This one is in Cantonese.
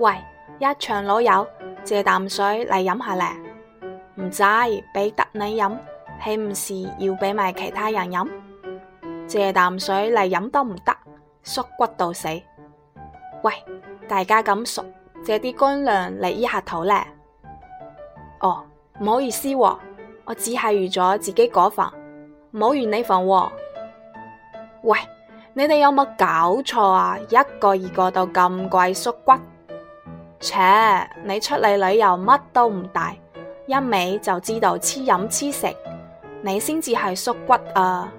喂，一場老友，借啖水嚟飲下咧？唔制，俾得你飲，豈唔是要俾埋其他人飲？借啖水嚟飲都唔得，縮骨到死！喂，大家咁熟，借啲乾糧嚟醫下肚咧？哦，唔好意思，哦，我只係預咗自己嗰份，冇預你份喔。喂，你哋有冇搞錯啊？一個二個都咁鬼縮骨！切！你出嚟旅遊乜都唔帶，一味就知道黐飲黐食，你先至係縮骨啊！